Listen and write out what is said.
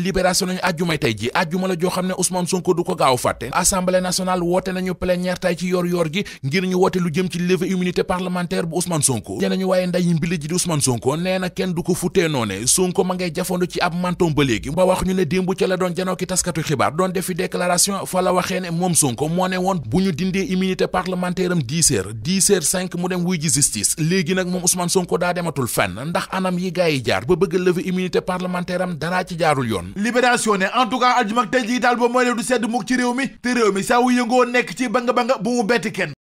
libération nañu àjjumay tey ji àjjuma la joo xam ne usman Sonko du ko gaaw fàtte assemblée nationale woote nañu plénière tey ci yor yor gi ngir ñu woote lu jëm ci levée immunité parlementaire bu Ousmane Sonko ñeneñu waaye nday yi mbili ji di Ousmane Sonko nee na kenn du ko futtee noone Sonko ma ngay jafandu ci ab manton ba léegi ba wax ñu ne démb ca la doon janoo ki taskatu xibaar doon defi déclaration fa la waxee ne moom Sonko moo ne woon bu ñu dindee immunité parlementaire am 10 heures 10 heures 5 mu dem wuy ji justice léegi nag moom Ousmane Sonko daa dematul fenn ndax anam yi gaa yi jaar ba bëgg levée immunité parlementaire am daraa ci jaarul yoon yoon libération ne en tout cas aljuma ak tey jii daal sedd mukk ci réew mi te réew mi saa wu yëngoo nekk ci banga banga bu mu betti kenn